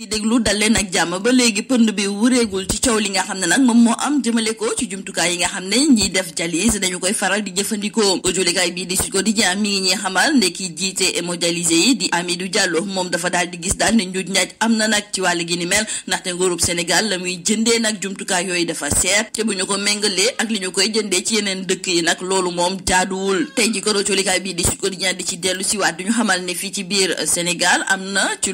di déglu dal leen ak jàmm ba léegi pënd bi wureegul ci coow li nga xam ne nag moom moo am jëmale ko ci jumtukaay yi nga xam ne ñiy def dialyse dañu koy faral di jëfandikoo jolikaay bii di Sud mi ngi ñuy xamal ne ki jiite hémodialysé yi di Amidou Diallo moom dafa daal di gis daal ne njuuj njaaj am na nag ci wàll gi ni mel ndaxte nguurub Sénégal la muy jëndee nag jumtukaay yooyu dafa seer te bu ñu ko méngalee ak li ñu koy jëndee ci yeneen dëkk yi nag loolu moom jaaduwul tey ji ko jolikaay bii di Sud Quotidien di ci dellu siwaat duñu xamal ne fii ci biir Sénégal am na ci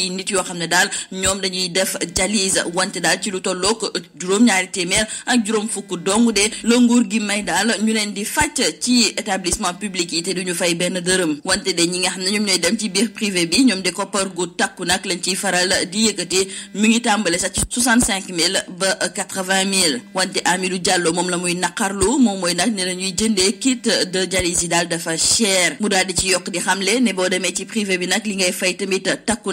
juróomi nit yoo xam ne daal ñoom dañuy def dialyse wante daal ci lu tollook juróom-ñaari téeméer ak juróom fukk dong de la nguur gi may daal ñu leen di fàcc ci établissement public yi te duñu fay benn dërëm wante de ñi nga xam ne ñoom ñooy dem ci biir privé bi ñoom de koppar gu takku nag lañ ciy faral di yëkkati mu ngi tàmbale sax ci soixante cinq mille ba quatre vingt mille wante amilu jàlloo moom la muy naqarlu moom mooy nag ne la ñuy jëndee kit de dialyse yi daal dafa cher mu daal di ci yokk di xamle ne boo demee ci privé bi nag li ngay fay tamit takku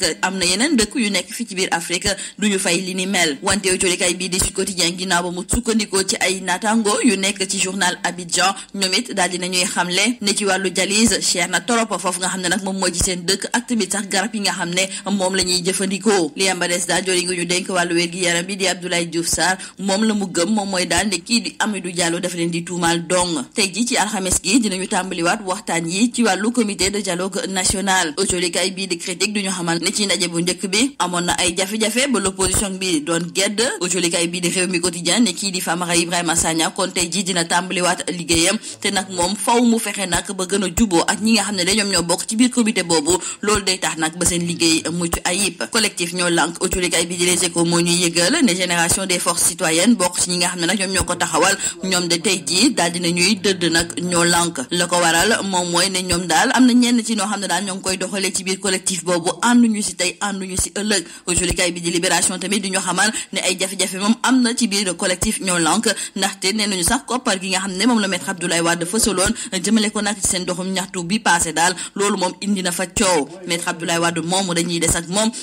te am na yeneen dëkk yu nekk fii ci biir Afrique du ñu fay li ni mel wante jolikaay bii di Sud Quotidien ginnaaw ba mu sukkandikoo ci ay naataango yu nekk ci journal Abidjan ñoom it daal di nañuy xamle ne ci wàllu dialyse cher na torop foofu nga xam ne nag moom moo ci seen dëkk ak sax garab yi nga xam ne moom la ñuy jëfandikoo li yamba des daal yi ngi ñu denk wàllu wér gi yaram bi di Abdoulaye Diouf Sarr moom la mu gëm moom mooy daal ne kii di Amidou Diallo dafa leen di tuumaal dong tey ji ci alxames gi dinañu tàmbaliwaat waxtaan yi ci wàllu comité de dialogue national jolikaay bii di critique duñu xam xamal ne ci ndaje bu njëkk bi amoon na ay jafe-jafe ba l'opposition bi doon gedd ujolikay bii di réew mi quotidien ne kii di Famara Ibrahima Sagna kon tey jii dina tàmbaliwaat liggéeyam te nag moom faw mu fexe nag ba gën a ak ñi nga xam ne da ñoom ñoo bokk ci biir comité boobu loolu nag ñoom ñoo ko taxawal ñoom de tey jii daal dina ñuy dëdd nag ñoo lànk la ko waral moom mooy ne ñoom daal am na ñenn ci ñoo xam ne daal ñoo ngi koy doxalee ci biir collectif boobu ànduñu si tey ànduñu si ëllëg julikaay bi di libération tamit di ñu xamal ne ay jafe-jafe moom am na ci biir collectif ñoo lànk ndaxte nee nañu sax koppar gi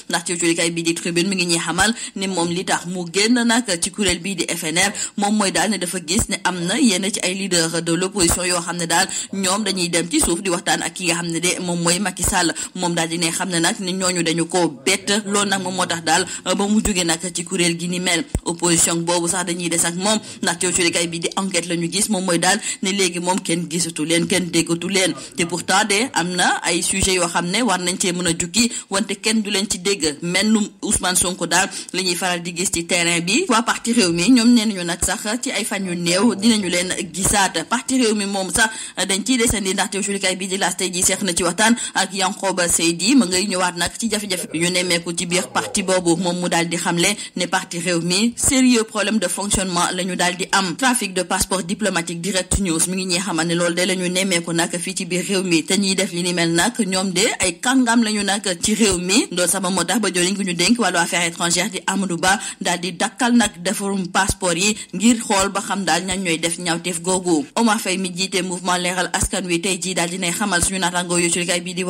ndax ci julikaay bi di tribune mi ngi ñuy xamal ne moom li tax mu génn nag ci kuréel bii di FNR moom mooy daal ne dafa gis ne am na yenn ci ay leader de l'opposition yoo xam ne daal ñoom dañuy dem ci suuf di waxtaan ak ki nga xam ne de moom mooy Macky Sall moom daal di ne xam ne nag ñooñu dañu koo bett loolu nag moom moo tax daal euh, ba mu jógee nag ci kuréel gi ni mel opposition boobu sax dañuy des ak moom ndax coculikay bi di enquête la ñu gis moom mooy daal ne léegi moom kenn gisatu leen kenn déggatu leen te pourtant de am na ay sujet yoo xam ne war nañ cee mën a jukki wante kenn du leen ci dégg melnum Ousmane Sonko daal la ñuy faral di gis ci terrain bi waa parti réew mi ñoom nee nañu nag sax ay fan yu néew dinañu leen gisaat parti réew mi moom sax dañ ciy desandi ndaxte coculikay bi di laas tey ji seex na ci waxtaan ak Yankoba Seydi ma ngay ñëwaat nag nag ci jafe-jafe bi ñu nemmeeku ci biir parti boobu moom mu daal di xamle ne parti réew mi sérieux problème de fonctionnement la ñu daal di am trafic de passeport diplomatique direct news mi ngi ñuy xamal ne loolu de la ñu nemmeeku nag fii ci biir réew mi te ñuy def li ni mel nag ñoom de ay kàngam la ñu nag ci réew mi ndool sama moo tax ba joriñ gi ñu dénk wàllu affaires étrangères di Amadou Ba daal di dakkal nag defarum passeport yi ngir xool ba xam daal ñan ñooy def ñaawteef googu Omar Faye mi jiite mouvement leeral askan wi tey jii daal dinay xamal suñu naataangoo yooyu ci bii di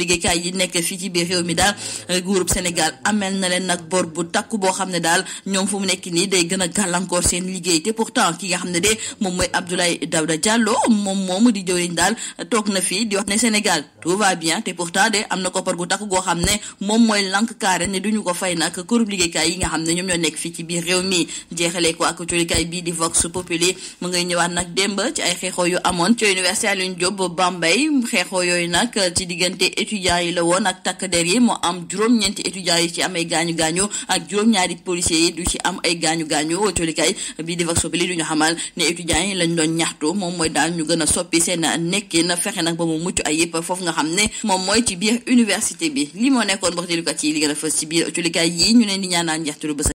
liggéeykaay yi nekk fii ci biir réew mi daal eh, groupe Sénégal amel na leen nag bor bu takku boo xam ne daal ñoom fu mu nekk nii day gën a gàllankoor seen liggéey te pourtant ki nga xam ne de moom mooy Abdoulaye Daouda Diallo moom moomu di jëwriñ daal na fii di wax ne Sénégal tout va bien te pourtant de na koppar gu goo xam ne moom mooy lank carré ne duñu ko fay nag groupe liggéeykaay yi nga xam ne ñoom ñoo nekk fii ci biir réew mi jeexalee ko ak colikaay bii di Vox Populi mu ngay ñëwaat nag démb ci ay xeexoo yu amoon ci université Alioune Diop Bambey xeexoo yooyu nag ci diggante étudiants yi la woon ak takk der yi mu am juróom-ñeenti étudiants yi ci am ay gaañu gaañu ak juróom bii di Vox Populi du ñu xamal ne étudiants yi lañ doon ñaxtu moom mooy daal ñu gën a soppi seen nekkin fexe nag ba mu mucc ay yëpp foofu nga xam ne moom mooy ci biir université bi li moo nekkoon box dilukat yi li gën a fës ci biir tolikaay yi ñu leen di ñaanaan njeextalu bës